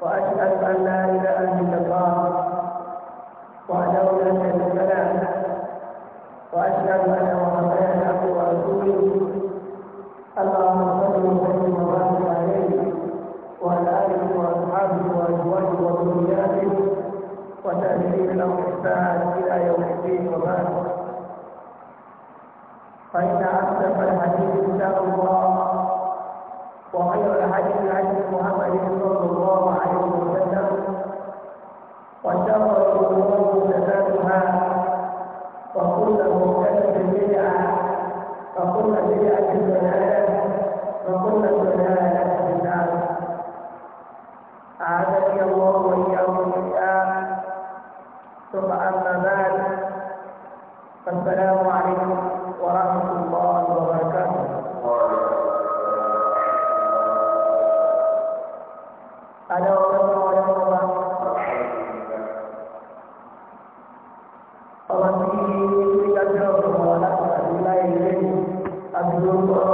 وأشهد أن لا إله إلا الله وحده لا شريك له وأشهد أن محمدا عبده ورسوله اللهم صل وسلم وبارك عليه وعلى آله وأصحابه وأزواجه وذرياته وتابعين له إحسان إلى يوم الدين وبعد فإن أصدق الحديث كتاب الله وخير الحديث حديث محمد صلى الله عليه وسلم وشر الامور محدثاتها وكل محدثه بدعه وكل بدعه ضلاله وكل ضلاله في النار اعاذني الله واياكم الان ثم اما بعد فالسلام عليكم ورحمه الله وبركاته الله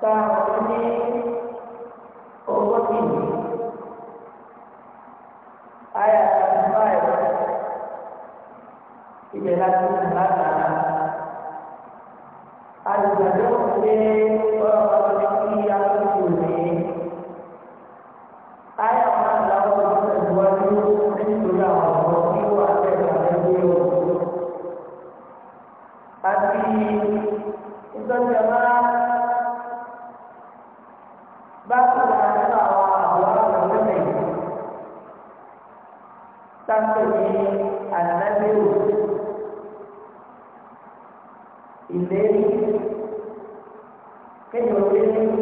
ta ọ̀rọ̀ ní owó tì mí. Ayà àtúntà ẹ̀rọ ibẹ̀ láti ń bá ta. Àlùbọ̀dé òkú ọ̀rọ̀ ìwọ̀n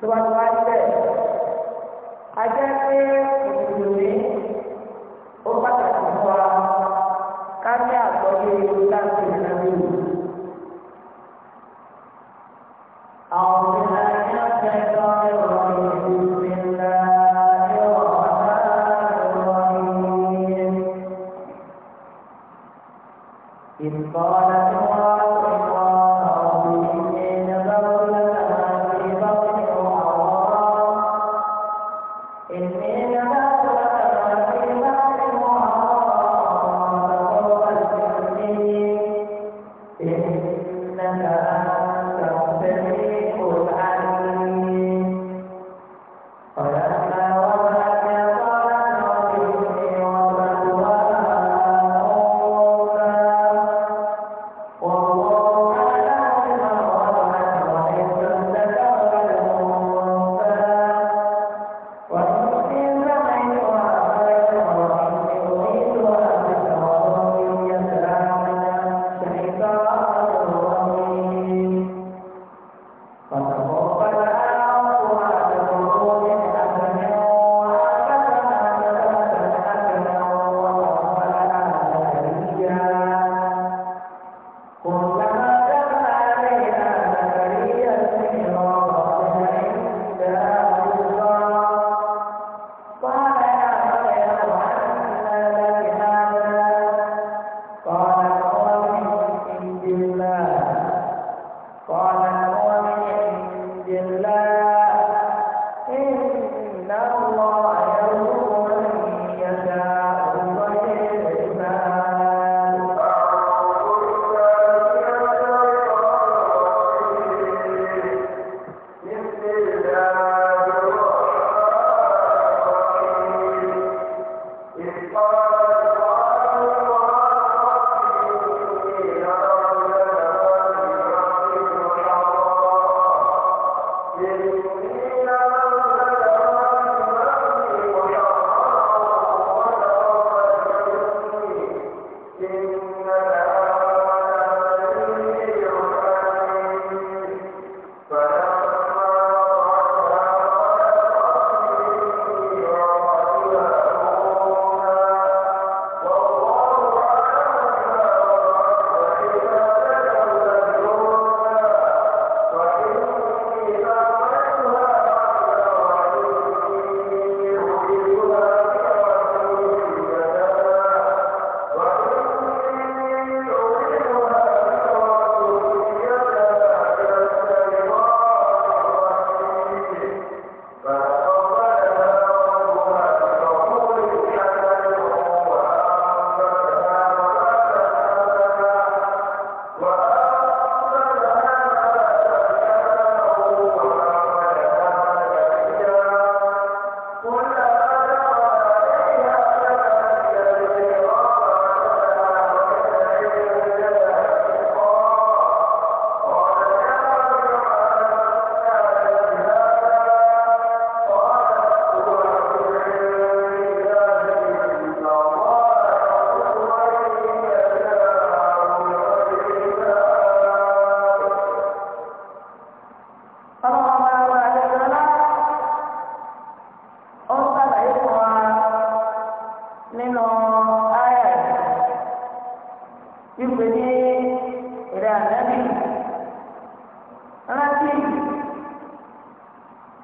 Tuan-tuan, ada ke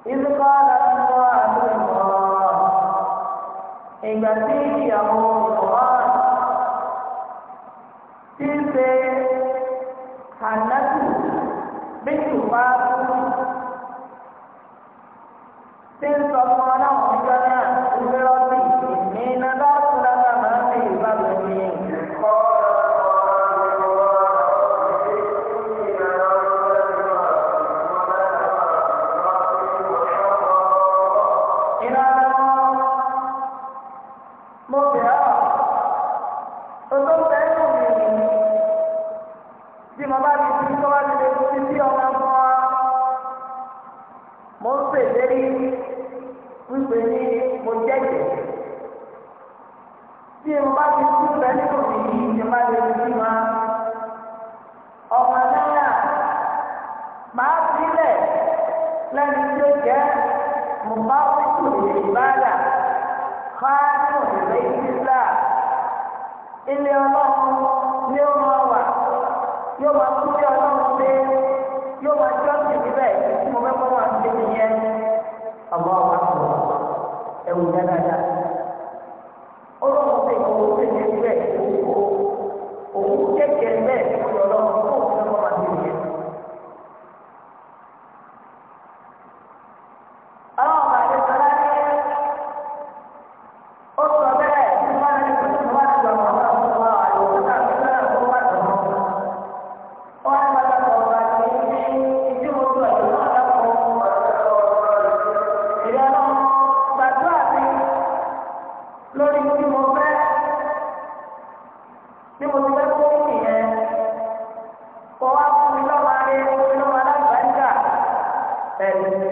إذ قال أمرأة الله إن فيك يموت الله تلك حنة بنت فاطمة تلك الله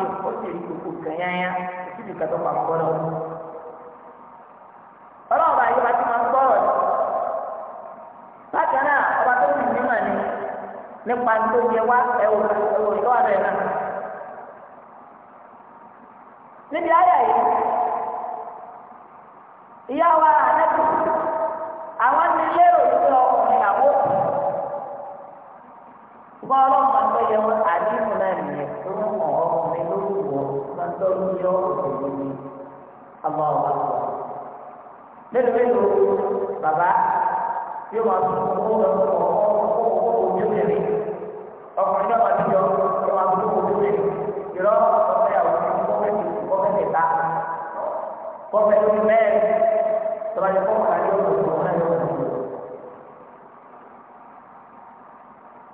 mi ó sì rí gbogbo kẹyàyà sí ibi kẹtọ́ pàmò gbọ́dọ̀ wọn. ọlọ́run bá yọba tí wọ́n gbọ́rọ̀ ni bákan náà ọba tó sì nímọ̀ ni nípa tó yẹ wá ẹ̀wò ẹ̀wò ìlú àbẹ̀ náà. níbi ayà yìí ìyá wa àlẹ́kùn àwọn nílé òṣìṣẹ́ ọkùnrin àwọn òkú. lọ́dún yọ ọ̀sẹ̀ yìí àmọ́ ọ̀gá sọ. Mélòó mélòó bàbá yóò máa tún owó lọ sí ọ̀pọ̀ owó ojú mẹ́rin. Ọkùnrin náà máa ti yọ yóò máa tún owó ojú mẹ́rin. Ìrọ̀ ọ̀sẹ̀ àwọn ọmọ kọ́fẹ́tì kọ́fẹ́tì ta. Kọ́fẹ́tì mẹ́rin tọ́ba yẹ kọ́ kàrí ọ̀sẹ̀ ọ̀sẹ̀ náà yọ ọ̀sẹ̀.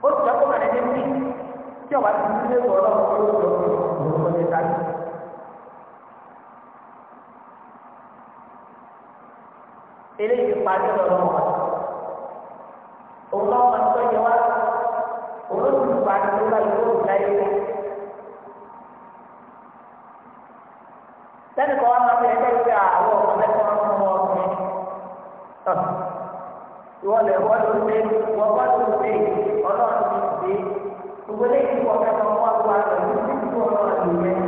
Ó ti sọ fún àlejò sí tí ọ̀bá ti ní ilé ìwọ̀n lọ́wọ́ eléyìí parí lọ́rọ̀ wọn. Òun lọ́wọ́ tó yẹ wá, òun ló ti parí tó bá yóò wù láyé wá. Sẹ́ni kan wá máa fi ẹgbẹ́ ìgbé àwọn ọmọ mẹ́ta wọn fún wọn ọkùnrin. Ìwọ lè wọ́n ló dé, wọ́n wọ́n ló dé, ọlọ́run ti dé. Gbogbo eléyìí wọ́n fẹ́ lọ wọ́n wá lọ sí ìdúró ọlọ́run yẹn.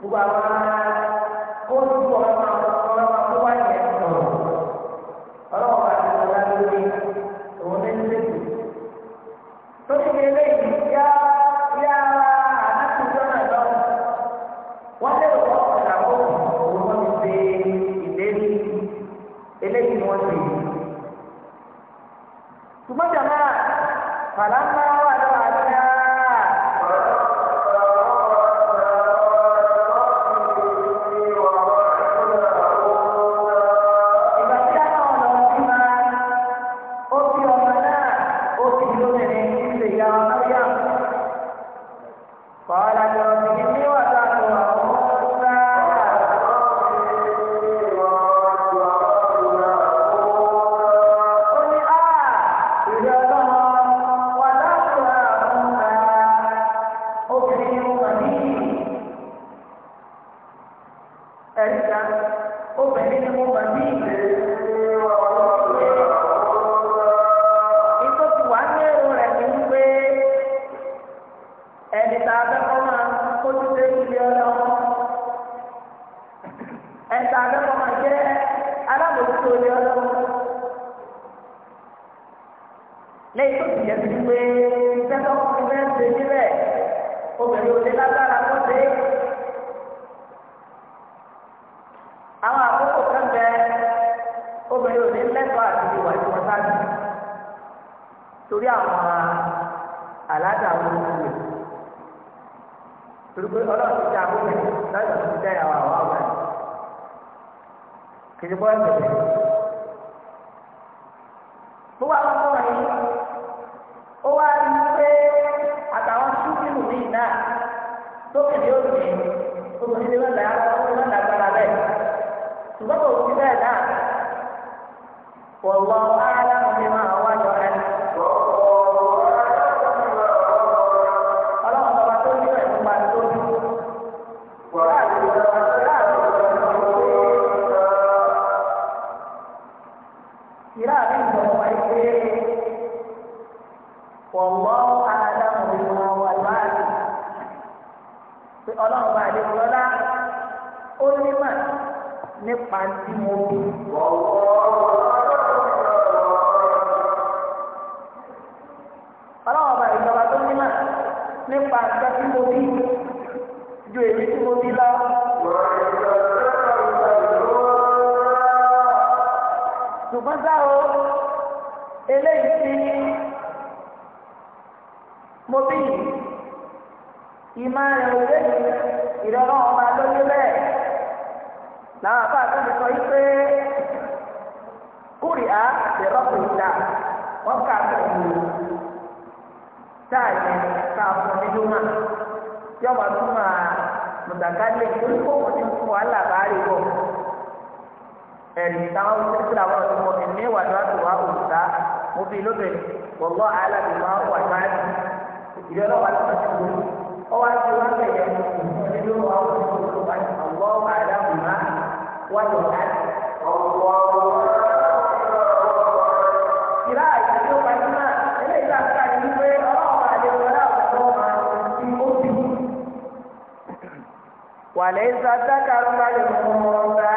Gbogbo àwọn ṣùgbọ́n jàmáà fàlámà wà lọ́wọ́ Gracias. àdámù ìmọ̀ wà báyìí pé ọlọ́run bá àdéhùn lọ́lá ó ní mà nípa tí mo bí wọ́wọ́. ọlọ́run bá ìjọba tó ní mà nípa àgbẹ̀ tí mo bí ju èyí tí mo bí lọ. ṣùgbọ́n sáà o eléyìí ti mobili ìmọ̀ rẹ̀ òde ìrọ̀rọ̀ ọba lóye bẹ́ẹ̀ làwọn àbá tó ti sọ yìí pé kúrì á lè rọ́pò ìta wọ́n kà á bẹ̀rẹ̀ wò táà yẹn ká fún mi ló máa yọ wà tó máa mùtàkàlẹ̀ lórí kókò tí ń fún wàhálà bá rí ẹ̀rì táwọn oníṣẹ́ làwọn ọ̀dọ́ mọ̀ ẹ̀mí wà lọ́wọ́ tó wà òòtá mo fi lóbìnrin wọ́n gbọ́ àlàbí máa wà láàyè ìdílé ọlọ́wà tó bá ti wọlé ọwọ́ àti wọn bẹ̀rẹ̀ nínú àwọn olùkọ́ wa àwọn ọmọ àdáhùn máa wọ́n lọ láti ọ̀pọ̀ ìlà ìdílé ọba yìí náà eléyìí tá a fẹ́ àyè wípé ọlọ́wà àdéhùn ọlọ́wà tó máa ti ó ti wù. wàlẹ́ ìsàtàkà ń bá lè mú ọ̀gá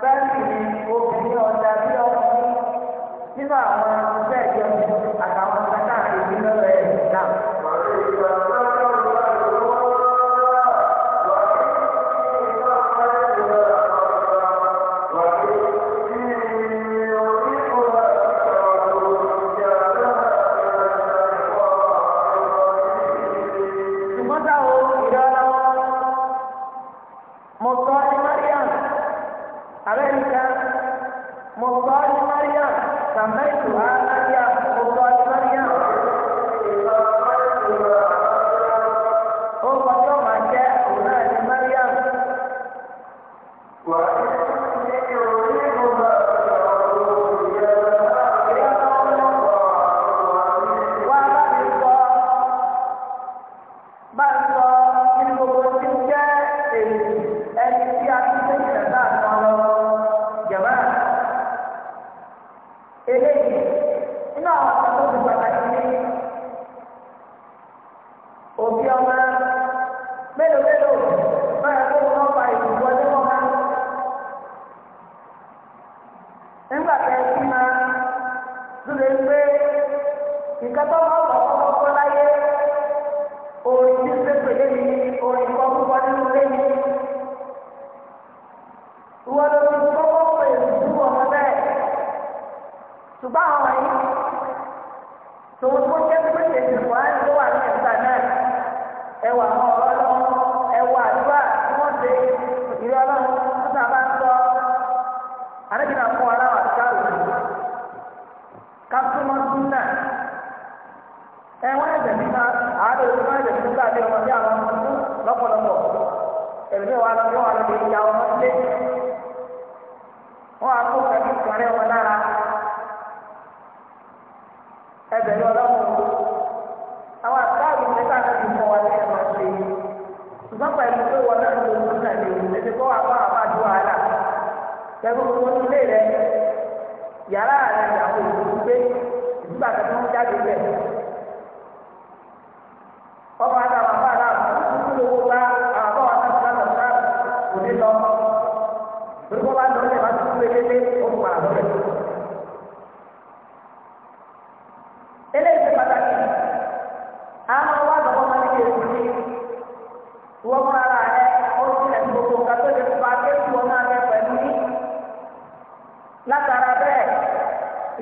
bẹ́ẹ̀ obìnrin ọ̀dà bí ọkùnrin lọ́rọ̀ ẹ̀ náà.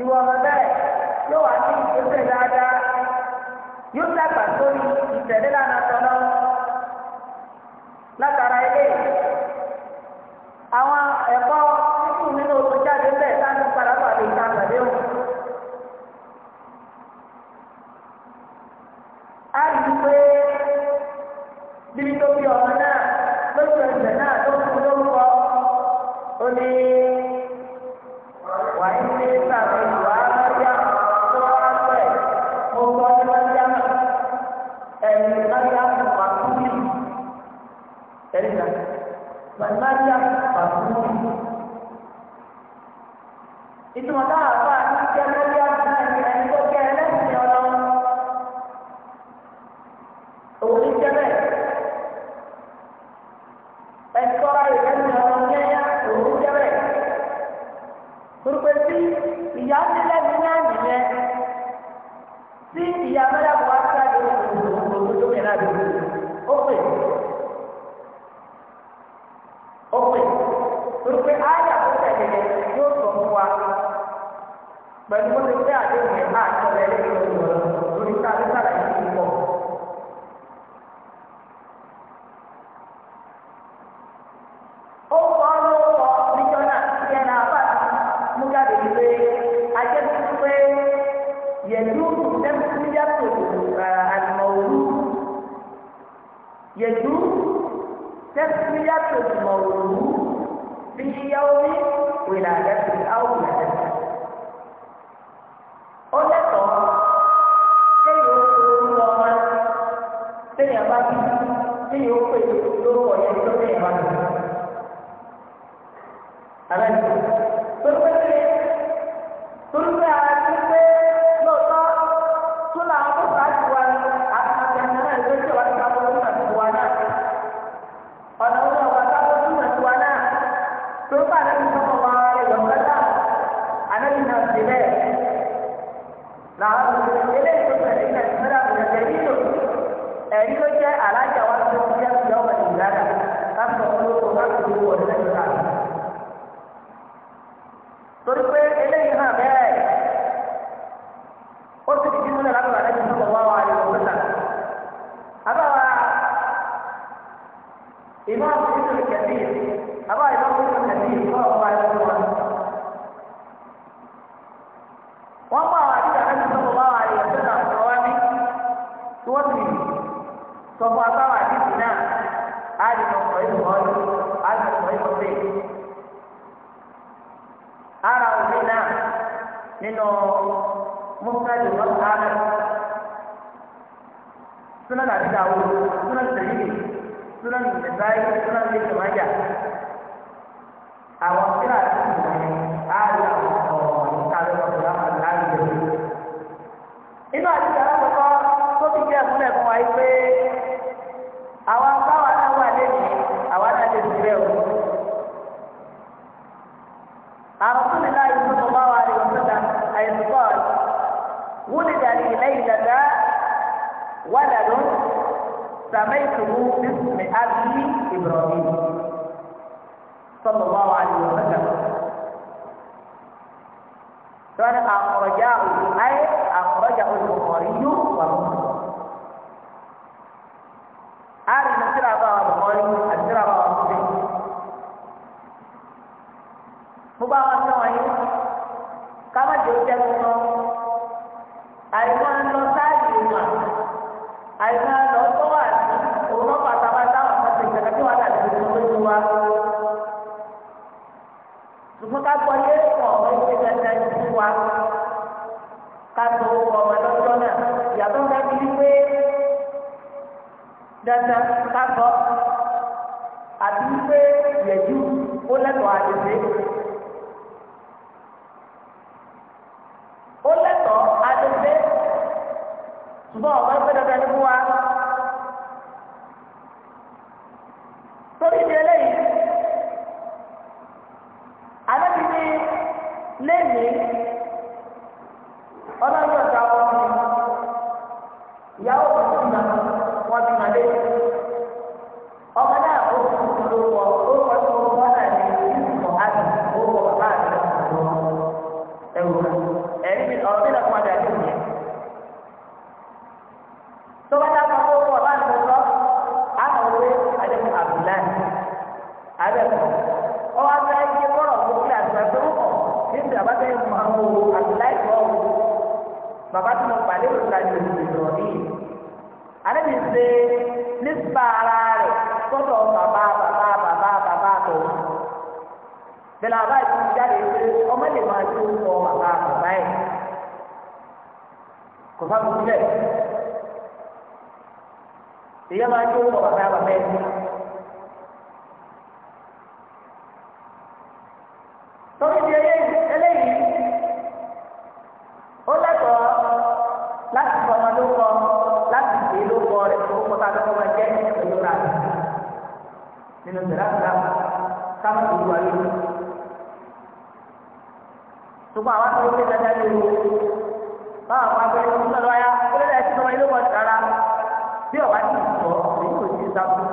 irú ọmọ bẹ́ẹ̀ yóò wá sí ìgbésẹ̀ dáadáa yóò dàgbà sórí ìtẹ̀lé lánàá tọ́lọ́ látara ilé yìí.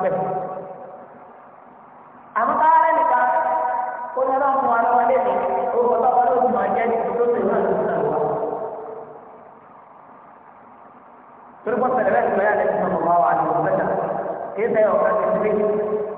bẹ̀. àmọ́ ká rẹ̀ nìkan ó ní ọlọ́run fún wa lọ́wọ́ lé mi orúkọ tó wọ́n lóògùn máa jẹ́ nípa tó tẹ̀lé náà lóògùn náà wá. torí pọ́sẹ̀lẹ̀ bẹ́ẹ̀ ni lẹ́sìn náà wá wà ní ọ̀gbẹ́ta kì í sẹ́yìn ọ̀gbẹ́ta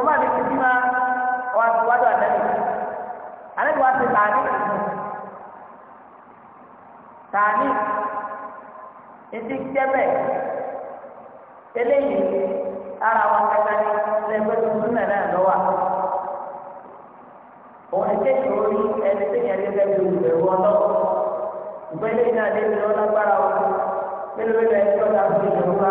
sọmọ àti títí máa wà wájú ànábì ànábì wá sí tààní tààní etí jẹ́bẹ̀ eléyìí ara wọn kẹta ní lẹ́gbẹ́ tuntun náà náà lọ́wọ́ òun ní kéèké orí ẹni tó yẹn lé lẹ́gbẹ́ olùbẹ̀wò ọlọ́wọ́ ìgbẹ́lẹ́ náà lé lọ́wọ́ lágbára wọn pẹ̀lú ẹgbẹ́ tó dáa fún ìjọba.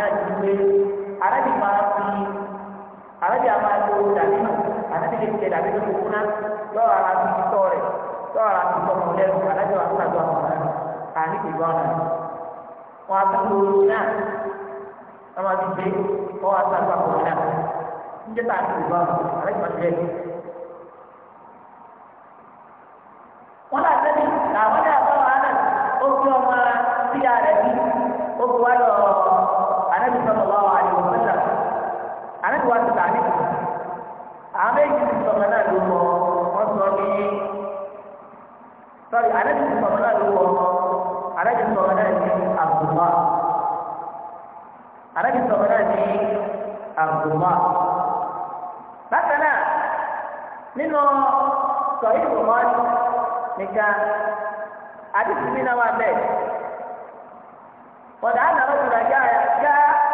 náà ti pé arábì máa fi arábì a máa lo dàbí nù arábì lè jẹ dàbí nù kúkú náà lọ́wọ́ ara fi tọ́ rẹ̀ lọ́wọ́ ara fi tọ́ mọ̀ lẹ́nu arábì wa fún àdúrà mọ̀ náà àní ìgbà ọ̀nà wọn a tún lo náà wọn a ti gbé wọn a tún àdúrà mọ̀ náà ń jẹ́ tàbí ìgbà ọ̀nà arábì máa ti lẹ́nu. wọn náà sẹ́ni làwọn náà bá wà náà ó fi ọmọ síyá rẹ̀ bí ó fi wá lọ́ọ́ ànábì sallallahu alaihi wasallam ànábì wa ti tàbí kù àwọn méjì ti sọmọ náà ló wọ wọn sọ ní sọrí ànábì ti sọmọ náà ló wọ ànábì sọmọ náà ní Abdullah ànábì sọmọ náà ní Abdullah bákan náà nínú sọ̀rí ìfọ̀mọ́ni nìkan àdìsí mi náà wà bẹ́ẹ̀. وقال رجل جاء جاء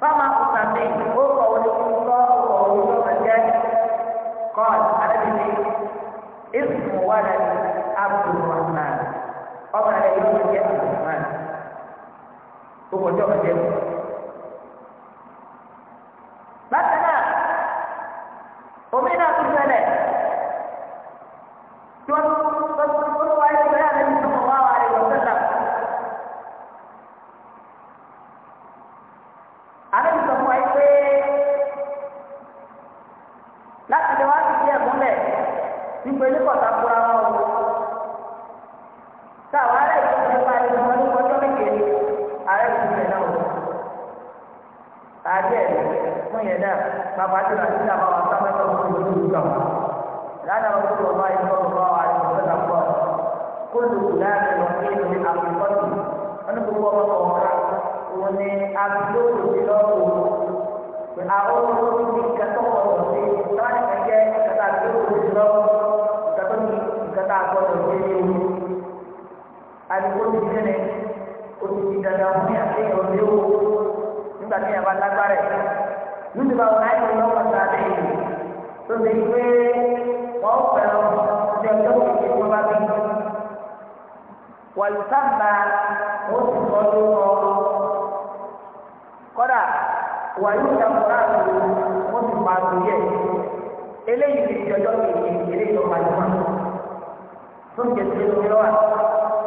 فما أسميه هو قول الله وقول مجاهد قال أنا اسم ولد عبد الرحمن ọmọ rẹ yóò wọ jẹ àbùmán gbogbo ọjọ́ ọjọ́ ẹ̀kọ́. bákan náà parí ẹ̀ fún yẹn náà bàbá jùlọ àti ìlànà àwọn sábà tó ń fún ìlú ìjọ lánàá wọn kúrò wá ìlú ọ̀rọ̀ bá wà ní ọ̀sẹ̀ náà pọ̀ kó lù kù láàrin lọ sí ìlú àfikọ́tù wọn ní gbogbo ọmọ ọ̀gá òun ni àbílòkù ti lọ́wọ́ àwọn olóòtú ní ìkẹtọ́ ọ̀rọ̀ sí sáà ẹ̀jẹ̀ ìkẹtà àbílòkù ti lọ́wọ́ ìkẹtọ́ ní ìkẹtà àgbọ̀dọ̀ sí ewu àdìgbò ti dẹ́nẹ̀ òtítì dandan fún yàtí nígbà tí yàrá lágbára ẹ̀ níbi bá wọn láyé wọn wọn sá lé yìí tó ṣe pé wọn fẹ́ràn ṣe ọjọ́ kejì wọn bá bí wàlùsáàbà ó sì sọ lórúkọ kódà wàyí ìjàmbá àti wọn sì máa tó yẹ eléyìí ti di ọjọ́ kejì eléyìí tó máa jùmọ̀ tó ń jẹ sí ìlú mìíràn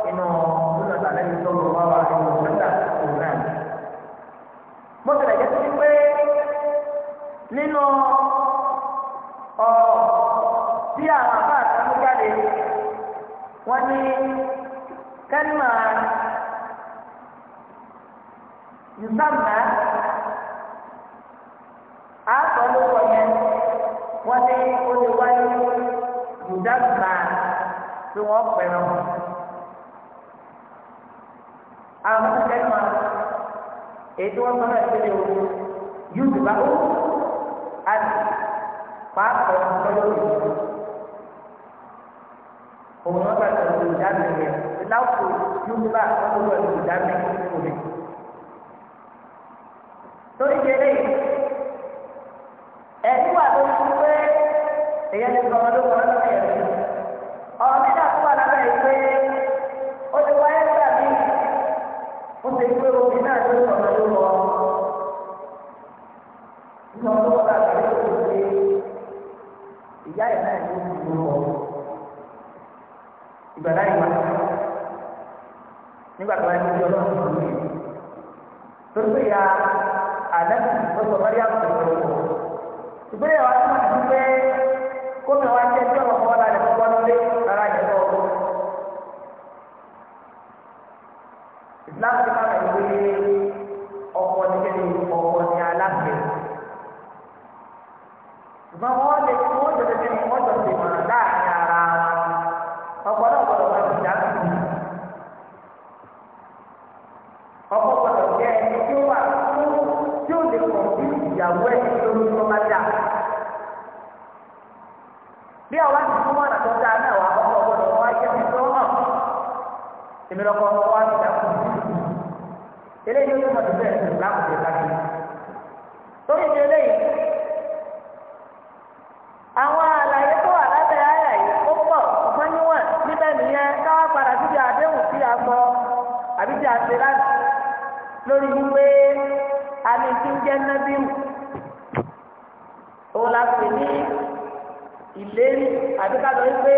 nínú ìlú nàìjíríà tó ń bọ̀ wá wà nínú ìlú nàìjíríà bó tilẹ̀ jẹ́ sí pé nínú ọ̀rọ̀ tí àwọn àbá àtàwọn jáde wọ́n ní kẹ́lìmà ìsàmà àtọ̀lọ́wọ́ yẹn wọ́n ní ó lè tí wọ́n pẹ̀lú àwọn kẹ́lìmà èyí tí wọ́n sọ náà ṣẹlẹ̀ o yóò ti bá ó àti pàápàá lọ́wọ́ ìlú òun náà gbàgbọ́ ìlú ìdáná rẹ̀ láwùjọ yóò ti bá lọ́wọ́ ìlú ìdáná ìlú rẹ̀. torí kéré ẹ̀dí wà ló ń pé èyí ẹni sọ̀rọ̀ ló sọ̀rọ̀ lọ́wọ́ ẹ̀rí ọ̀rọ̀ nígbà tó wà lábẹ́ ìpè ṣe pé omi náà ló sọ̀rọ̀ ló lọ. Nínú ọdún ọ̀la àgbàdo tó ṣe ìyá ẹ̀ náà ló ti lọ. Ìgbà láì wá. Nígbà tó wá ní ìjọ náà ló lè. Tó ṣe ya àdáṣe ìfọ̀sọ̀ bá yà kọ̀ lọ́wọ́. Ìgbéyàwó àti màtí pé kómi wa jẹ́ ọ̀rọ̀ kọ́ wá lálẹ́ kọ́ wá lọ́lé rárá yẹn láti ká lè wé ọkọ ní kéde ọkọ ní aláṣẹ. ṣùgbọ́n wọ́n lè kí wọ́n jọ tẹ̀lé wọ́n jọ tẹ̀lé mọ̀ràn láàrin ara wọn ọkọ náà gbọ́dọ̀ wọ́n ti dá sí i. ọkọ gbọ́dọ̀ jẹ́ ẹni tí ó wà tí ó lè kàn sí ìyàwó ẹ̀ lórí ọmọ dà. bí ọwọ́ ti fún mọ́ràn tó náà wà ọkọ gbọ́dọ̀ wọ́n á jẹ́ mi tó hàn èmi lọ́kọ́. eléyìí ló mọ̀ tó bẹ́ẹ̀ tó láwùjọ lágbè torí ti eléyìí àwọn àlàyé tó wà lábẹ́ àyà yìí ó pọ̀ ṣùgbọ́n níwọ̀n níbẹ̀ nìyẹn káwá padà síbi àdéhùn sí àgbọ̀ àbí ti àṣẹ láti lórí wípé àmì tí la pè ní ìlérí wípé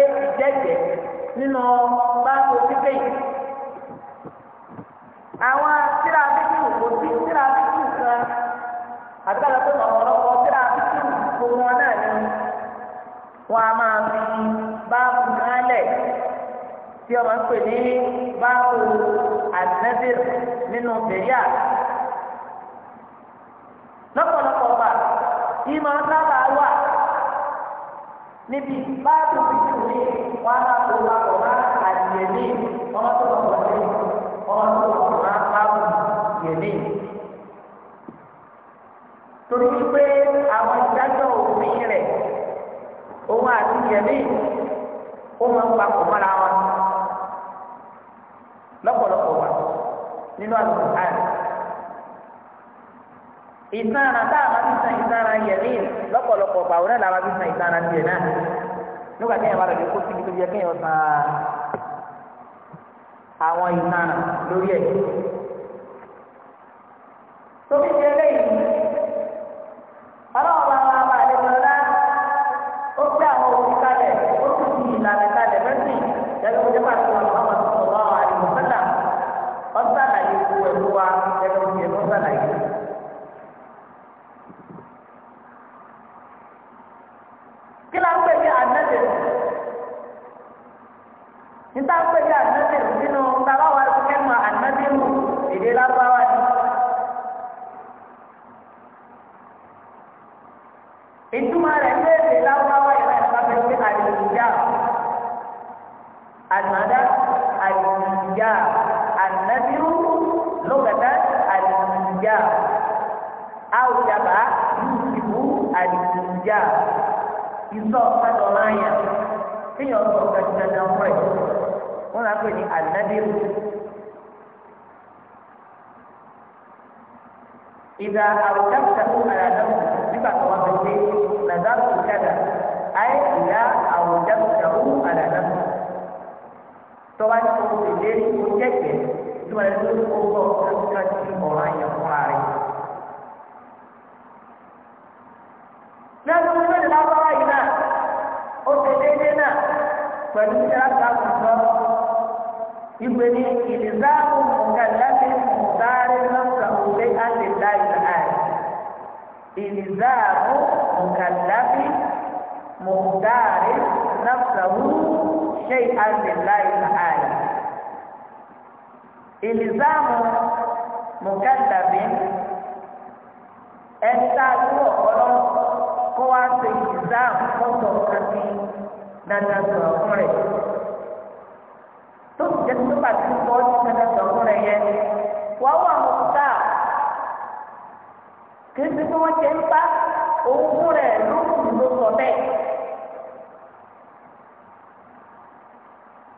àwọn tíra bíkìrù kò sí tíra bíkìrù kan àgbàlá tó lọ ọ̀rọ̀kọ tíra bíkìrù wọn náà ni wọn a máa fi báàbù kálẹ̀ tí ọmọ ń pè ní báàbù àdínẹ́bìr nínú bẹ̀yà lọ́pọ̀lọpọ̀ ọba ìmọ̀ sábà wà níbi báàbù bíkìrù ni wọn a máa torí pé àwọn ìdájọ́ òfin rẹ̀ òun àti ìyẹ̀mí ó máa ń papọ̀ mọ́ra wọn lọ́pọ̀lọpọ̀ wà nínú àlùkò àrùn ìsanra tá a máa fi san ìsanra yẹ̀mí lọ́pọ̀lọpọ̀ wà òun náà la máa fi san ìsanra tiẹ̀ náà nígbà tí ìyàwó àlejò kó síbi tó yẹ kéèyàn san àwọn ìsanra lórí ẹ̀. الكبير إذا أوجبته على نفسك صفة وصفه نذرت كذا أي إذا أوجبته على نفسك طبعا تقول لي مجدد ثم يقول الله أنت في مولاي يقول lẹ́nu ní ìlànà ìlànà ó ti déédéé náà pẹ̀lú ìṣẹ́ àgbà kùsọ́ ìgbè ní ìlìzáàmù mùkàlábì mùtárì lọ́sà òde àti láìsà àì ìlìzáàmù mùkàlábì mùtárì lọ́sà òde àti láìsà àì ìlìzáàmù mùkàlábì ẹni tá a ọ̀pọ̀lọ́ kó wá ṣe ìlìzáàmù fọ́tò kan ní dandan sọ̀rọ̀ rẹ̀ jẹ́sí pípa tí ó kọ́ kẹta sọ̀rọ̀ rẹ̀ yẹn. Wọ́n wà mọ̀ ká kí ti bí wọ́n ṣe ń bá òun fún rẹ̀ ló ló sọ bẹ́ẹ̀.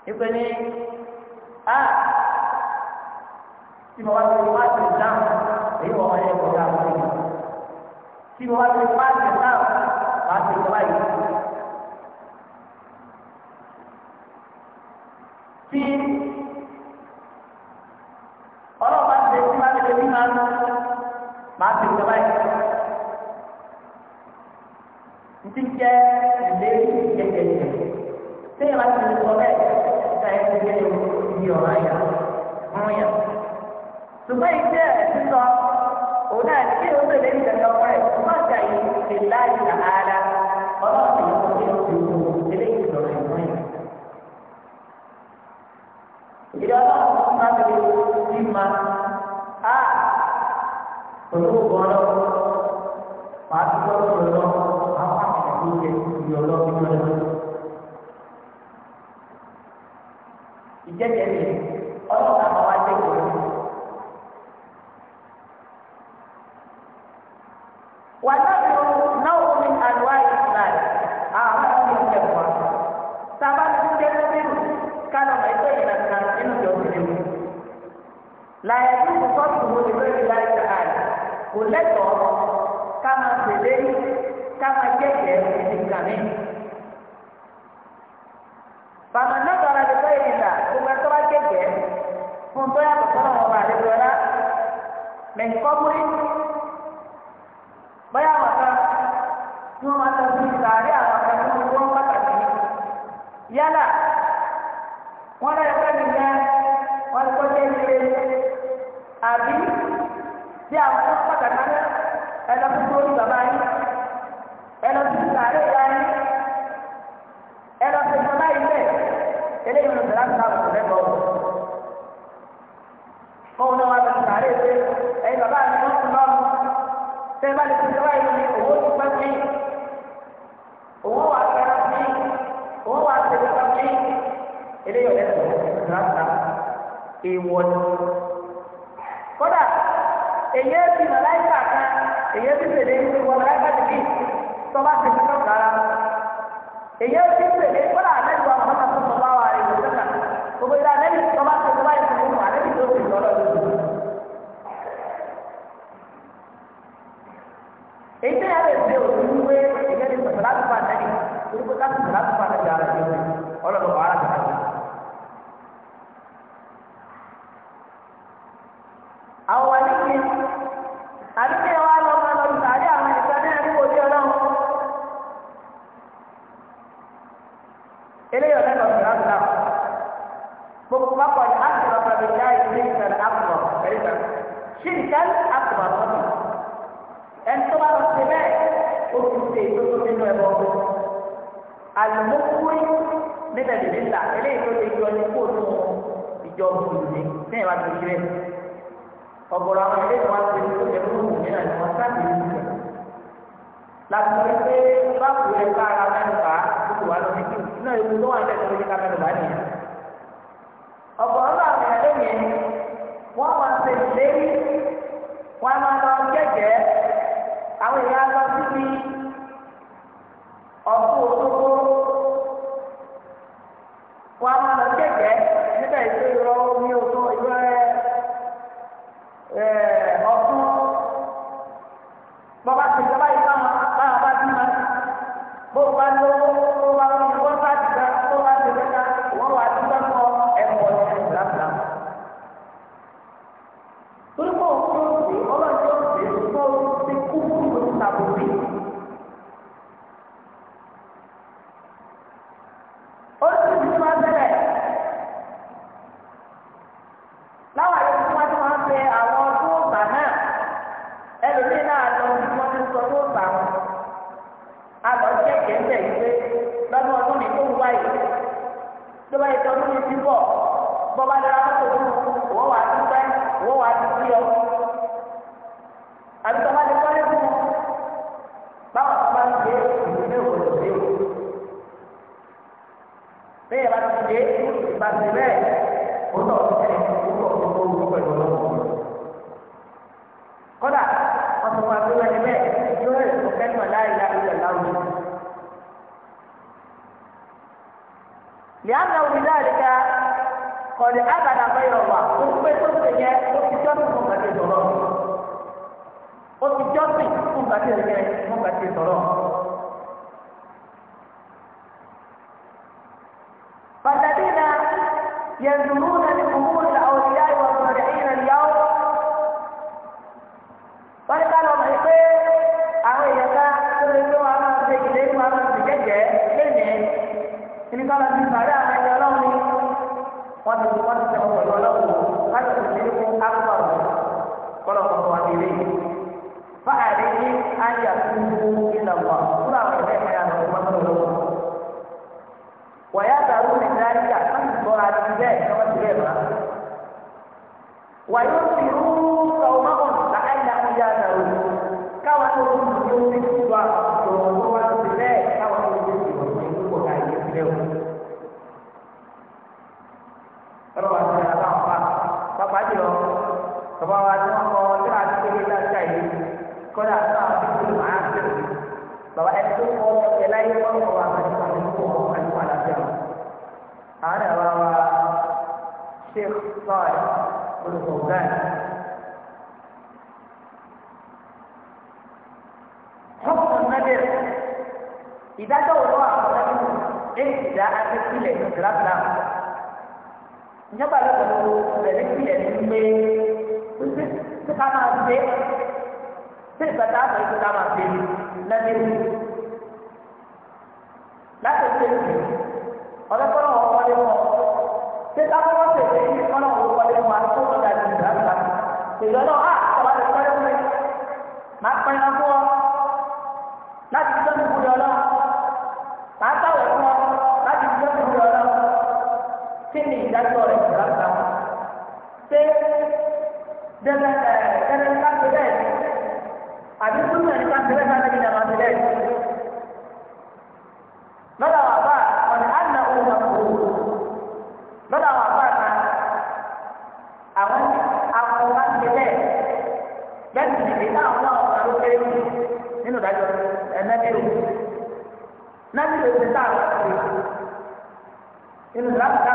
Ìpè ní a tí mo bá ti wá sí ìdáhùn èyí wọ́n wáyé kọjá àwọn ènìyàn. Tí mo bá ti wá sí ìdáhùn wá sí ìdáhùn báyìí. tí ọlọ́pàá ti ti máa tẹ̀lé bí máa ń máa ti sọ báyìí. N ti jẹ́ ìlé ìjẹ̀jẹ̀ jẹ̀. Sẹ́yìn máa ti lè sọ bẹ́ẹ̀ ká ẹ ti jẹ́ ìdí ọ̀rọ̀ àyà fún yàn. Ṣùgbọ́n ìṣe ẹ̀ sísọ, òun náà kí ló ń tẹ̀lé ìjẹ̀jẹ̀ ọkọ rẹ̀, ṣùgbọ́n àgbà yìí lè láì sàárà. ọlọ́run bá ti a pẹ̀lú ọ̀rọ̀ màá ti gbọ́ ọ̀rọ̀ àwọn àkàtúntò jẹ ìjẹ́jẹ́ mi ọlọ́run. láyé tó kù sọ́ọ̀tù wo lè lórí láyé àlè kò lẹ́tọ̀ọ́ ká máa tẹ̀lé ká máa jẹ́jẹ́ ẹ̀sìn kàmí. bàmà náà tọ́ra lè tọ́ ìlà gbogbo ẹ̀tọ́ bá jẹ́jẹ́ fún tó yàtọ̀ sọ́nà wọn wà lè lọ́la mẹ̀kọ́múrí bóyá àwọn kan tí wọ́n tọ́ sí ìsàárẹ̀ àwọn kan tí pàtàkì yálà. tí àwọn tó pàtàkì náà ẹlọ tó tó ní bàbá yín ẹlọ tó tó sàárè ya yín ẹlọ tó tó bá yín bẹ eléyìí ló sọ̀rọ̀ àti àwọn ọ̀rẹ́ bọ̀ kóun náà wà lọ sàárè pé ẹ̀yin bàbá mi wọ́n ti lọ́nu tẹ́ bá lè tó tó báyìí ní owó tó pẹ́ sí owó wà kẹ́rọ sí owó wà tẹ̀lé pẹ́ sí eléyìí ló sọ̀rọ̀ àti àwọn ọ̀rẹ́ bọ̀ èyí ti màláìkà kan èyí ti tẹ̀lé ní wọn màláìkà ti bí tọ́ba ti fi tọ́ kára èyí ti tẹ̀lé kọ́lá àlejò àwọn ọmọ tó tọ́ba wà rẹ̀ ló sẹ́ka gbogbo ìlà àlejò tọ́ba ti tọ́ba yẹn ti mú àlejò tó ti lọ́lọ́ lójú. èyí tẹ̀yà lè dé òtún wé èyí ti sọ̀tọ̀ láti fà nẹ́ni torí pé láti sọ̀tọ̀ láti fà nẹ́ni ara ti ọlọ́dọ̀ wà á أكبر تقريبا شركا أكبر طبعا أنتم السماء قلت تقول إنه يبقى المخرج من الملة إليه يقول يكون ìjọ mùsùlùmí ní ìwà tó ṣe ọ̀gọ̀rọ̀ àwọn ilé ìwà tó ṣe tó ṣe fún òmìnira náà ni wọ́n sáàbì ń ṣe. Làbùrù pé báwo lè bá ara mẹ́ta gbogbo wa lórí kí náà ewu tó wà ní ẹ̀sọ́ orí ká mẹ́ta nìyẹn. Ọ̀gọ̀rọ̀ àwọn ìyàlẹ́ yẹn wọ́n wá ṣe ìlérí wọ́n á máa lọ gẹ́gẹ́ àwọn èèyàn lọ síbi ọ̀tún òṣogbo wọ́n á máa lọ gẹ́gẹ́ níbẹ̀ ìṣòro ọ̀hún. وينفروا قومهم لعلهم يهتدون كما تقول يوسف وقومه بالله كما تقول يوسف وقومه Terima kasih atas apa? Bapak Jiro, Bapak Wati Mokko, kita ada cerita saya. Kau dah tahu, kita belum ada. Bapak itu kau nilai kau kau akan dipandang kau akan dipandang siapa? Ada bawa Syekh Saleh والفوزان حكم النبي إذا دور واحد ابتداء تسليل من كلامنا nígbà tó kọ́ ló bẹ̀rẹ̀ sílẹ̀ ní pé tí ká máa ṣe tí ìgbà tá a sọ máa ṣe lẹ́nu láti ṣe ìlú ọlọ́pàá wọlé wọn. Kita kalau terjadi kalau lupa di rumah itu sudah dijelaskan. Tidak ada ah kalau ada saya mulai. Nak main aku, nak kita berbudala. Tak tahu aku, nak kita berbudala. Sini tidak boleh dijelaskan. Se dengan dengan kan beda. Ada pun yang kan beda kan lagi dalam beda. nínú láàbùkà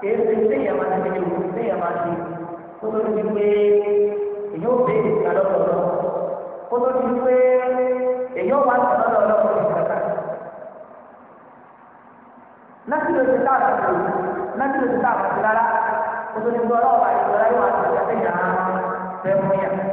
kìí ṣe séèyàn máa ti ṣe òkú séèyàn máa ti kó tó ti pé èyí ò béèrè ìka lọ́dọọdọ kó tó ti pé èyí ò wá sí lọ́dọọdọ ìkàkà. láti lè ṣe táàbà tó láti lè ṣe táàbà tó rárá kó tó ti pé ọlọ́ọ̀bà ìṣòro ayé wa ti ṣe fẹ́ fún yàrá.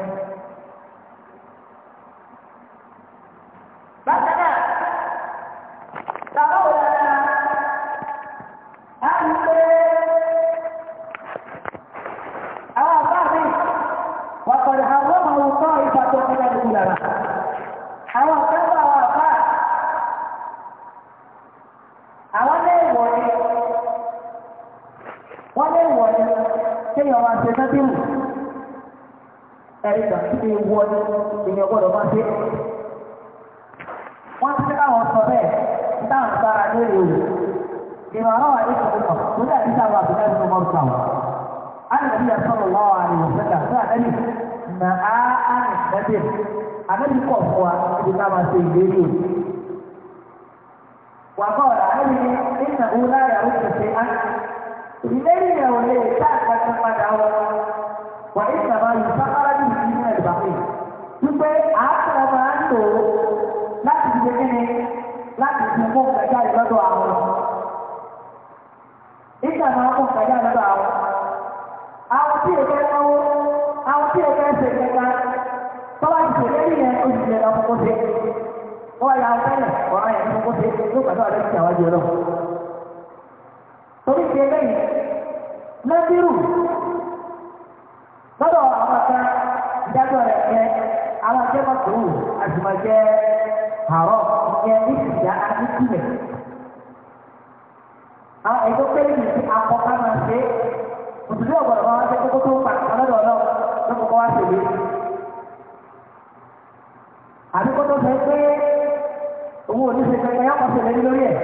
àdé ànábi kọ̀ fún wa ibi ká máa ṣe ìgbéyìí o. wà á kọ́ ọ̀rọ̀ ànábi ní ìsàkó láyà ó ti ṣe á. ta yẹn ò lè dá àgbàdo padà wọ. wà á ìsàmà yìí sáfárá ní ìdí ní ẹ̀dùbà pé. wípé àákùnrin ọmọ á ń lò ó láti fi ṣe kíni láti fi mú ìgbàjá ìlọ́dọ̀ àwọn. tọ́wá ti ní yẹn oṣù tẹ̀lé ọkọ̀ kó ṣe wọ́n yà á fẹ́lẹ̀ ọ̀rọ̀ yẹn fún kó ṣe ló pàṣẹ àlẹ́ ti àwájú ọlọ́ torí ti eléyìí lẹ́bírù lọ́dọ̀ àwọn kan ìdájọ́ rẹ̀ yẹn àwọn akẹ́kọ̀ọ́ tó àjùmọ̀jẹ́ àárọ̀ yẹn ní àdúgbò àwọn ẹ̀dọ́ pé ní akọ ká máa ṣe òtútù ọ̀gbọ̀n àbí kó tó sọ pé owó oníṣe kankan yá pàṣẹ lẹ́yìn lórí ẹ̀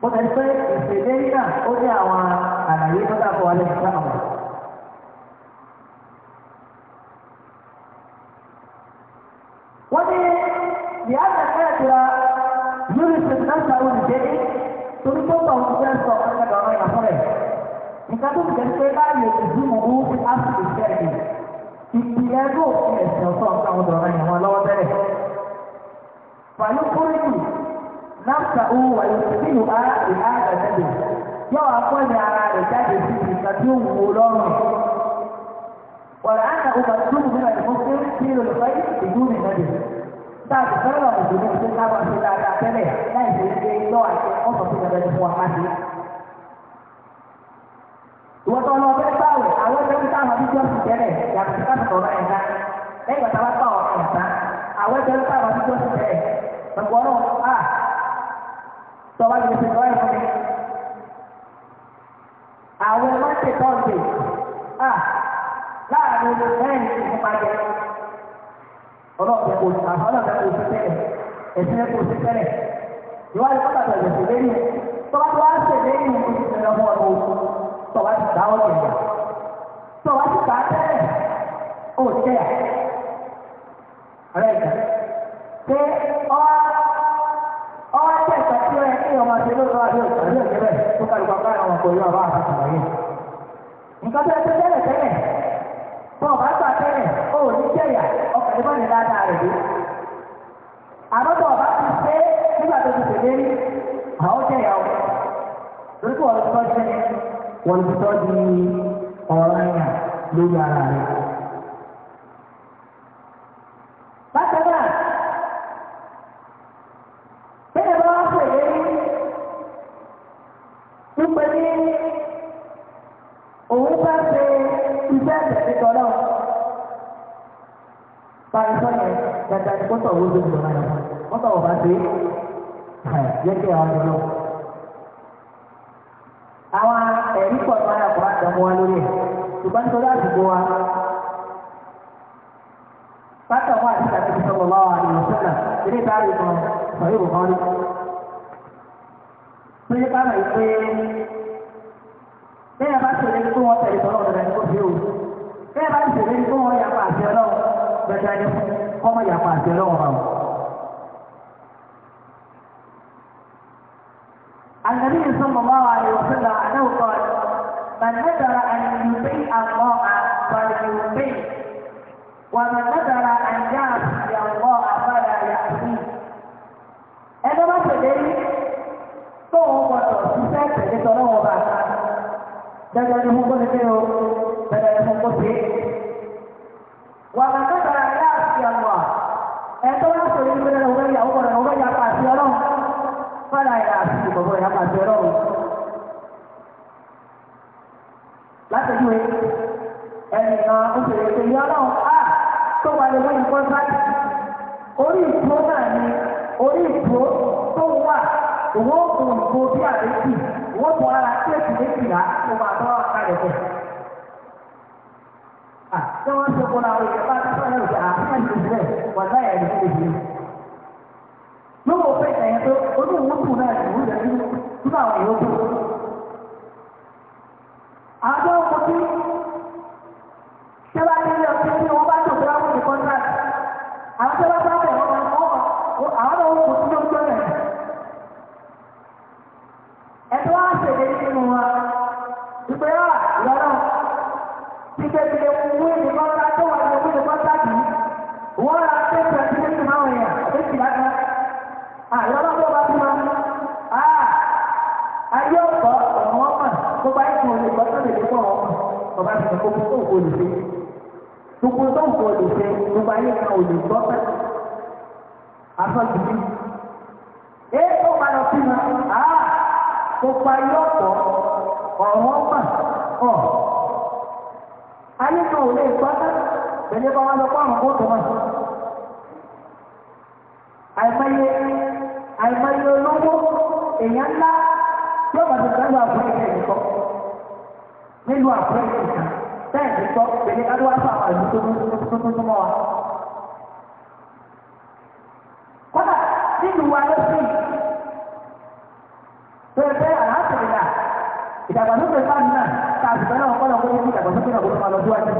mo tẹ̀lé pé ìṣèlè náà ó ní àwọn àlàyé tó dàbọ̀ alẹ́ ìṣẹ́ àwọn. wọ́n ní ìyá àgbẹ̀ ìjọba yóò ṣe náà olùdé torí tó tọ̀ wọ́n fẹ́ sọ ọ̀rọ̀ ìyàfọ́ rẹ̀ nǹkan tó ti tẹ̀lé pé báyìí òkú mọ̀ ó fi áṣì ìṣẹ́ rẹ̀ ìpìlẹ̀ ẹgbẹ́ òfin ẹ̀sìn ọ̀sán ọ̀sán àwọn ọ̀dọ̀ ọ̀ràn ìwọ̀n lọ́wọ́ tẹ́lẹ̀. pàlú kúrẹ́kù náfà owó wà nínú ara ìhá àgbẹ̀tẹ̀lẹ̀ yóò akọ́ ní ara rẹ̀ jáde sí ìgbà tí ó wù ú lọ́rùn. wọ̀rọ̀ àná ọgbà tó mú nígbà tó fún kí ló lọ́fà ìlú mi lọ́dẹ̀. táàbù fẹ́ràn òṣèlú tó ká táwọn bíbí ọ̀sìn tẹ́lẹ̀ yàtọ̀ sí káàtó tọ̀rọ̀ ẹ̀ ńlá lẹ́yìn ìgbà táwa tọ̀ ẹ̀ta àwọn ẹgbẹ́ táwọn bíbí ọ̀sìn tẹ́lẹ̀ gbogbo ọ̀rọ̀ a tọ́wá yìí ti tọ́wá ẹ̀fọ́ mi. àwọn ẹgbẹ́ ti tọ́ǹdì a láàrin omi mẹ́rin ti máa jẹ ọlọ́ọ̀dẹ̀ kò àwọn ọlọ́ọ̀dẹ̀ kò sí tẹ́lẹ̀ ẹ̀sìn kò sí tẹ́lẹ̀ ìwádìí pàtàkì ọ̀dẹ̀ sì lé tọ̀wá ti kà á tẹ́lẹ̀ ó tẹ́ ẹ̀ rẹ̀ ìgbà pé ọ ọ tẹ̀ ìgbà tí ó yẹ kí ọmọ ṣe lóòótọ́ àbí òṣèlú ìgbẹ́bẹ̀ tó kálukú apá àwọn ọkọ̀ yóò bá àti sọ̀rọ̀ yìí. nǹkan tó yẹ kó tẹ́lẹ̀ tẹ́lẹ̀ tó ọ̀bá gbà tẹ́lẹ̀ ó ní jẹ̀yà ọkàn nígbà ní dáadáa rẹ̀ dé. àmọ́ tó ti ṣe nígbà tó ti tẹ̀lé rí àwọn jẹ̀yà ọ̀ ọ̀rọ̀ ẹ̀yà lórí ara rẹ̀. Bákan náà, bẹ́ẹ̀ bá wá pèlè wípé ní òun bá ṣe iṣẹ́ ìbẹ̀rẹ̀ tọ́lọ̀. Báyìí sọ́yẹ̀ dandan ni kótó owó lójú ọ̀la yẹn. Kótó ọ̀bá ṣe é, yẹ kí àwọn ọmọ náà. Àwọn ẹ̀rí pọ̀ tó àtàmú wa lórí ẹ̀ ṣùgbọ́n nítorí àsìkò wa bákan wà àti àti sọ̀rọ̀ lọ́wọ́ àdìyẹ sọ́nà ilé ìbáraẹ̀ ìbọn sọ̀rọ̀ ìbò kan rí. tó yẹ bára yìí pé bẹ́ẹ̀ bá ṣèlè ní kó wọ́n tẹ̀lé tọ́lọ́ ọ̀dọ̀ ní kó fi òwò bẹ́ẹ̀ bá ṣèlè ní kó wọ́n yàpá àti ọlọ́run gbẹ̀dẹ̀ ní kọ́mọ yàpá àti ọlọ́run ọ̀hún. النبي صلى الله عليه وسلم أنه قال من نذر أن يطيع الله فليطيع ومن نذر أن يعصي الله فلا يعصيه ẹgbẹ́ bá tẹ̀lé tó ń gbọdọ̀ ṣiṣẹ́ tẹ̀lé tọ́lọ́ wọn bá ta dandan ni fún gbọ́dọ̀ kéwọ́ dandan ni fún gbọ́dọ̀ wà á kọ́ tara ẹ̀ láti àwọn ẹ̀tọ́ bá tẹ̀lé ìgbẹ́lẹ̀ òwe yà ó yà pàṣẹ ọlọ́run fọ́nà yà àti yà pàṣẹ ọlọ́run. láti gbé ẹnì kan ó ṣe ètò ìyá á ah! tó wà lè wọ́n nǹkan sáàtì orí ìdúró náà ni orí ìdúró tó wà òwò òkun ìbò bí àdéhùn òwò tó ara kéèkì méjìlá tó máa tọ́ àkàlẹ̀ bẹ̀. àti wọ́n ṣe kó náà òye bá tó ẹ̀ ọ̀gá àti ìbílẹ̀ wà láyà ẹ̀ ní ìbílẹ̀. lówó tó onú òwò náà ìwúlẹ̀ nínú àwọn tó kò sí tẹ́lá nílé ọ̀sẹ̀ tí wọ́n bá tòkó láwọn ní kọ́ńtàkì àwọn tẹ́lá bá bẹ̀ wọ́n mọ̀ àwọn náà kò sí lójú ọ̀nà ẹ̀tọ́ wá ṣèlérí nínú wa. ọba ti sọ fún tó o lè ṣe gbogbo tó o lè ṣe gbogbo ayé kan ò lè gbọ́ pẹ́ afọ́jú padà sí ma á kó parí ọ̀pọ̀ ọ̀rọ̀ mà ọ̀ ayé kan ò lè gbọ́ pẹ́ pẹ̀lú bá wọn lọ kó àwọn kóòtù wọn. àìmọye àìmọye olówó èèyàn ńlá yóò bàtà sẹ́nu àbúrò ìṣẹ̀lẹ̀ kọ́ nílùú àpẹẹrẹ ìkan bẹ́ẹ̀ ní sọ pẹ̀lú adúláṣà àwọn ìlú tó tó tó tó mọ́ wa. kọ́dà nílùú wa ló sí tó ẹgbẹ́ àlàáfíà náà ìdàgbàsókè fáàmì náà ta àtìgbà náà kọ́dà kó yẹ kí ìdàgbàsókè náà kó ló máa lọ síwájú.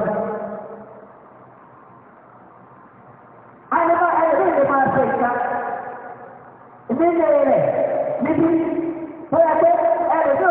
àyẹ̀wò ayẹyẹ lè máa ṣe ìka ìdílé rẹ̀ níbi bóyá pé ẹ̀rọ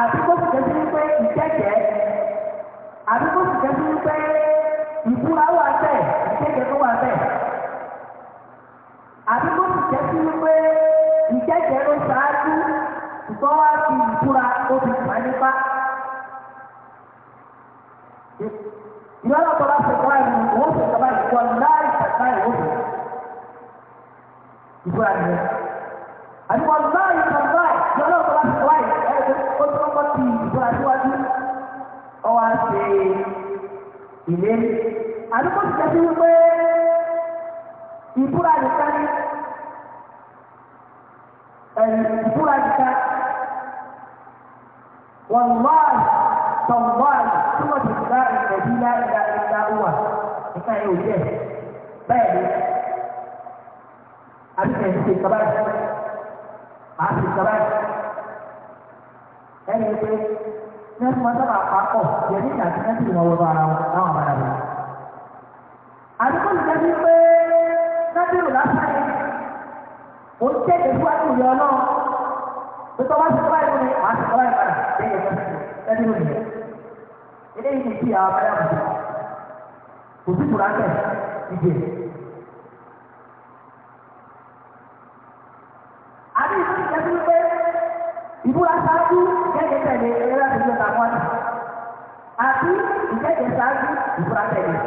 àbí kó sì jẹ́ sí wípé ìkẹ́kẹ́ àbí kó sì jẹ́ sí wípé ìbúra wà bẹ̀ ìkẹ́kẹ́ tó wà bẹ̀ àbí kó sì jẹ́ sí wípé ìkẹ́kẹ́ ló ṣáájú ìtọ́ wá sí ìbúra tó fi fà nípa. ìyọ́nà tó bá ṣe kọ́ ẹ̀mí owó ṣe kọ́ báyìí wọ́n láì ṣàkóso ìbúra nìyẹn. àbí wá ṣe ìlérí àdúgbò ti tẹ́tí wípé ìbúra nìkan ní ẹ̀yìn ìbúra nìkan wọ́n wáyé tọ̀wáyé tí wọ́n ti gba ìtẹ̀bí láìka ìta wà nǹkan yóò jẹ́ bẹ́ẹ̀ ni àbí kẹ̀sì ṣe àti kaba yìí pé ní ẹ̀sùn máa sábà pàápọ̀ yẹn nígbà tí wọ́n sì mọ wọ́n ara wọn láwọn ọmọ ẹ̀rọ. àdúgbò ìjẹ́ bí pé nábìrù lásán yẹn ó ń tẹ̀lé fún àtúnyẹ ọlọ́run tó tọ́ wá sí ọlá ìlú ni màá sì ọlá lẹ́yìn ẹ̀fọ́ nábìrù nìyẹn. eléyìí ti àwọn ọmọ ẹ̀rọ kò sí kùrákẹ̀ ìdè. àdúgbò ìjẹ́ pé ìbúra ṣáájú ìjẹ́jẹ́ tẹ̀lé ẹ̀rọ àtijọ́ tàwọn àti àti ìjẹ́jẹ́ ṣáájú ìbúra tẹ̀lé.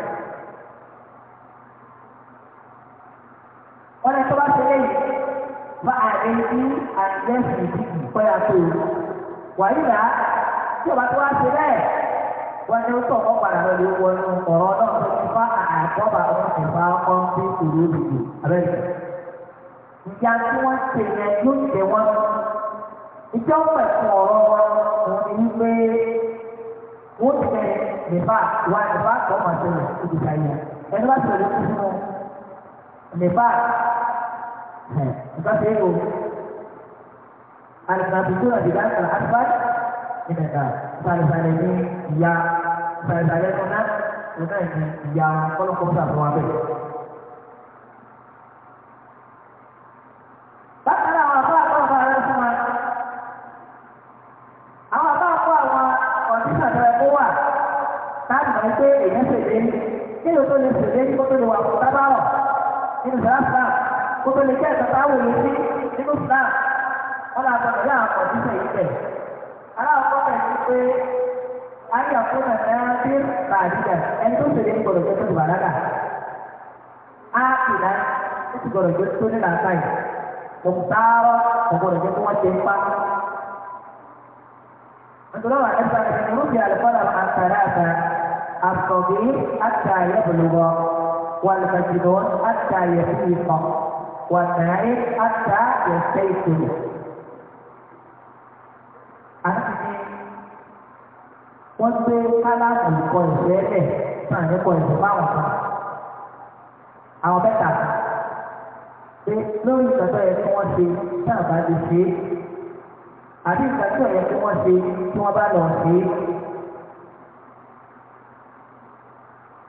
wọ́n lè tọ́ bá ṣe lẹ́yìn bá àárín sí àtìlẹ́sìn ìdíjì pẹ́yà tó o. wàyí rà á tí ọba tó wá ṣe bẹ́ẹ̀ wọ́n ní sọ ọkọ̀ padà lọ lè wọnú ọ̀rọ̀ náà tó ti fa àkọ́bà ọ̀hún ìfà ọ̀hún sí òwò òdìdì abẹ́rẹ́. ìjà tí wọ́n ṣe yẹn yóò tẹ̀ wọ́n ìjọ pẹ̀ fún ọ̀rọ̀ wa òun ni wípé wọ́n ti bẹ̀rẹ̀ nípa wa nípa tó máa ṣẹlẹ̀ síbi ìdáyà ẹni bá ṣẹlẹ̀ kú sínú nípa nípa ṣe é o alùpàdùkú àti ìdáṣà àtúbà ìdàgbà balùbalẹ̀ ní ìyá balùbalẹ̀ tó náà tó náà ní ìyá kọ́lọ́kọ́ fún àbúrò abẹ́rẹ́. yìí kí ló tó lè sùn lé kó tó lè wà fún tábàrọ̀ nínú sàrà kó tó lè kẹ́ ẹ̀ka táwọn yìí sí nínú sàrà wọn làwọn ọmọdé àwọn ọmọ ọdún sẹ́yìn bẹ̀. aláwọ̀ bẹ̀ ni pé ayé àkókò náà bí bàjẹ́ ẹni tó sèré gbọdọ̀ tó tó bàlágà á kì náà ó ti gbọdọ̀ tó tó nínú àká yìí òmùtárọ̀ ọ̀gbọ̀dọ̀ tó wọ́n ti ń pa. nítorí àwọn ẹ̀fọ́ الصغير حتى يبلغ والمجنون حتى يفيق والنائم حتى يستيقظ wọ́n gbé kálámù ìkọ ìfẹ́ lẹ̀ náà nípa ìfẹ́ báwọn kan àwọn bẹ́tà pé lórí ìgbàgbọ́ yẹ kí wọ́n ṣe náà bá lè ṣe é àbí ìgbàgbọ́ yẹ kí wọ́n ṣe kí wọ́n bá lọ ṣe é.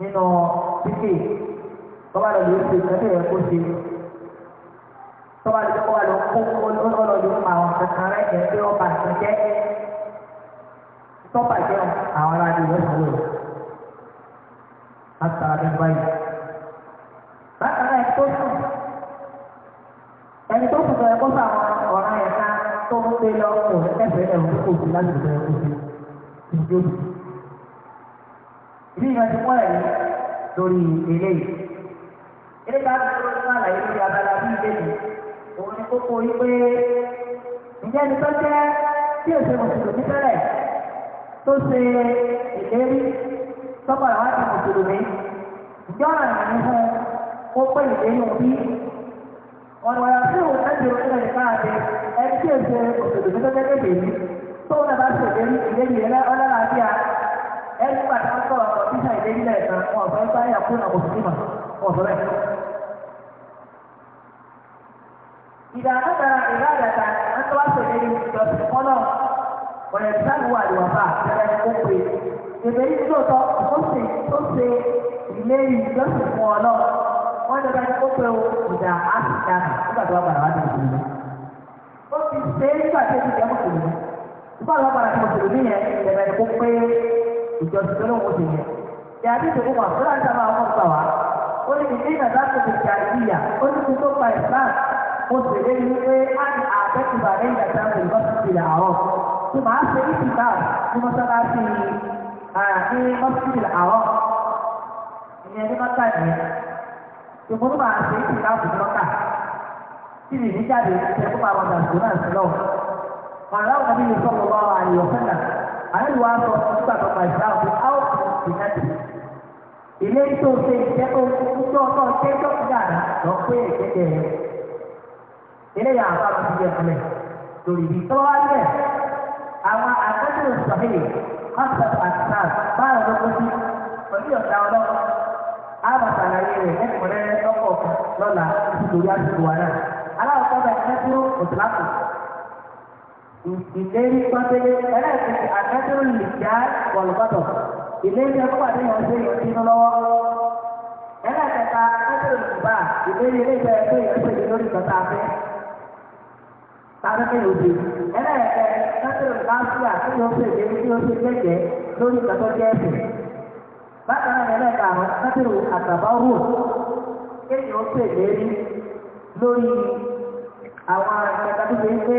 nínú títì tọ́ba lọ lè ṣe ìtọ́jú rẹ̀ kó ṣe tọ́ba lè tọ́ba lọ kó olóńgbò lọ lè pa àwọn kankan rẹ̀ jẹ́ pé ọba ìṣẹ́jẹ́ tọ́ba jẹ́ àwọn aráàlú rẹ̀ sọ̀rọ̀ látara bí báyìí. bákan náà ẹni tó sùn ẹni tó sùn sọ̀rọ̀ kó sọ àwọn ọ̀ràn ẹ̀ka tó ń gbé lọ́wọ́ ẹ̀fẹ̀ ẹ̀rù kò sí láti bẹ̀rẹ̀ kò sí ìdí bí ìyẹn ti pọ̀ ẹ̀rí lórí eléyìí. eléyìí bá ti lórí fún àlàyé lórí abala bí ìbéèrè òun ni kókó yí pé ǹjẹ́ ẹni tó jẹ́ tí èsè mùsùlùmí tẹ́lẹ̀ tó ṣe ìlérí sọ́kọ̀rọ̀ wá sí mùsùlùmí ǹjẹ́ ọ̀rọ̀ àmì fún kó pé ìlérí òbí ọ̀nà ọ̀yà tí òun náà jẹ́ òun náà káàdé ẹni tí èsè mùsùlùmí tó tó ń bá ṣèlérí ìlérí ẹlẹ́ ẹni gbà tá ń sọ̀rọ̀ àwọn tíṣà ìdé nílẹ̀ ìtàn ọ̀sán ẹgbẹ́ ayà fún àwọn òṣìṣẹ́ mà ọ̀sán ẹ̀. ìdá àtàtàrà ìlà àdàtà ẹ̀ńtọ́wá sọ̀rọ̀ ẹni ìjọsìn kọ́nà ọ̀rẹ́ ìsáàlùwà àdìwàfà ẹ̀rẹ́ ó pè é èdè yìí tó tọ́ ó ṣe ó ṣe ilé ìjọsìn fún ọ se wọ́n ní ọ̀gá ni ó pé o ìdá àtàtà nígbà tó wà bàrà wà ní ìlú ó ti ṣe é nígbà tó ti jẹ́ Nípa àwọn àgbàrá tí mo tèrè ní yẹn, ìdẹ̀bẹ̀ ni kó pé ìjọsìn tó lóun ó ti yẹn. Ìyá àti ìṣòro wà fúlà ń sábà wọn gbà wá. Ó ní ìdí ìgbà láti tètè àìyíyà, ó ní kí n tó pa ìsìlám. Mo tèrè ní pé á ní àbẹ́tìbà lẹ́yìn àti àwọn ìlọ́sìn ìlà àárọ̀. Tí màá ṣe ìsìlá ní mọ́sálásí ní mọ́sálásí ìlà àárọ̀. Ìyẹn ní mọ́tà ìyẹn. Ìmúlò máa ṣe ìsìlá òkú mọ́tà. Tí ìrìn jáde ìṣẹ́ ọ̀rẹ́ wọn bí sọ̀rọ̀ wá wà ní ọ̀fẹ́ náà àyẹ̀wò wa sọ nígbà tó pa ìṣá òfin áwọ̀ ìdájọ́ ilé tó ṣe ìṣẹ́ tó ń tó ọ̀tọ̀ ṣe tó ń dàrá lọ pé ìkéde rẹ̀ ilé yà àbá ti jẹ fúnlẹ̀ lórí ibi tó wá lẹ̀ àwọn àtẹ́jú ìsọ̀hìn concept àti sars báyọ̀ ló kún sí pẹ̀lú ọ̀dà ọlọ́run àbàtàlàyé rẹ̀ lẹ́kùnrin lọ́kọ̀ọ̀kan lọ́la nítorí àṣìkò wa náà aláwọ̀ ìlérí pátélé ẹlẹ́sìn àtẹ́tẹ́rù lè já wọ̀lùbọ̀tọ̀ ìlérí ẹ̀kọ́ àti ìyàn ṣe ìdínú lọ́wọ́ ẹlẹ́kẹta pátélé ìgbà ìlérí ẹlẹ́gbẹ́ ẹgbẹ́ ìyànṣe ìdí lórí ìkọta afẹ́ tàbí òde ẹlẹ́kẹ pátélé ìgbàsíà tí yóò ṣe ìdí tí yóò ṣe gbẹ̀gẹ́ lórí ìkọtọ́ jẹ́ ẹ̀sẹ̀ bákan náà ẹlẹ́kẹ àwọn pátélé àtàbáwò kéèyàn ṣe ìlérí lórí àwọn ìkọtà tó ṣe ń gbé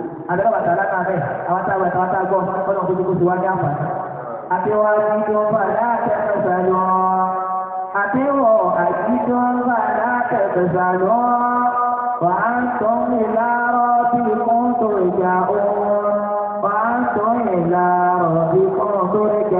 àdúrà bàtà lákàá bẹ́ẹ̀ àwọn tá a bàtà wọn tá a gbọ́ ọ̀nà òkú tó ti wá ní àpà. àti wọn àjíjọ bá látẹ̀kẹ̀ sàlọ́ àti wọn àjíjọ bá látẹ̀kẹ̀ sàlọ́ wà á tọ́ mi láàárọ̀ bí kò tó ìjà òun wà á tọ́ mi láàárọ̀ bí kò tó ìjà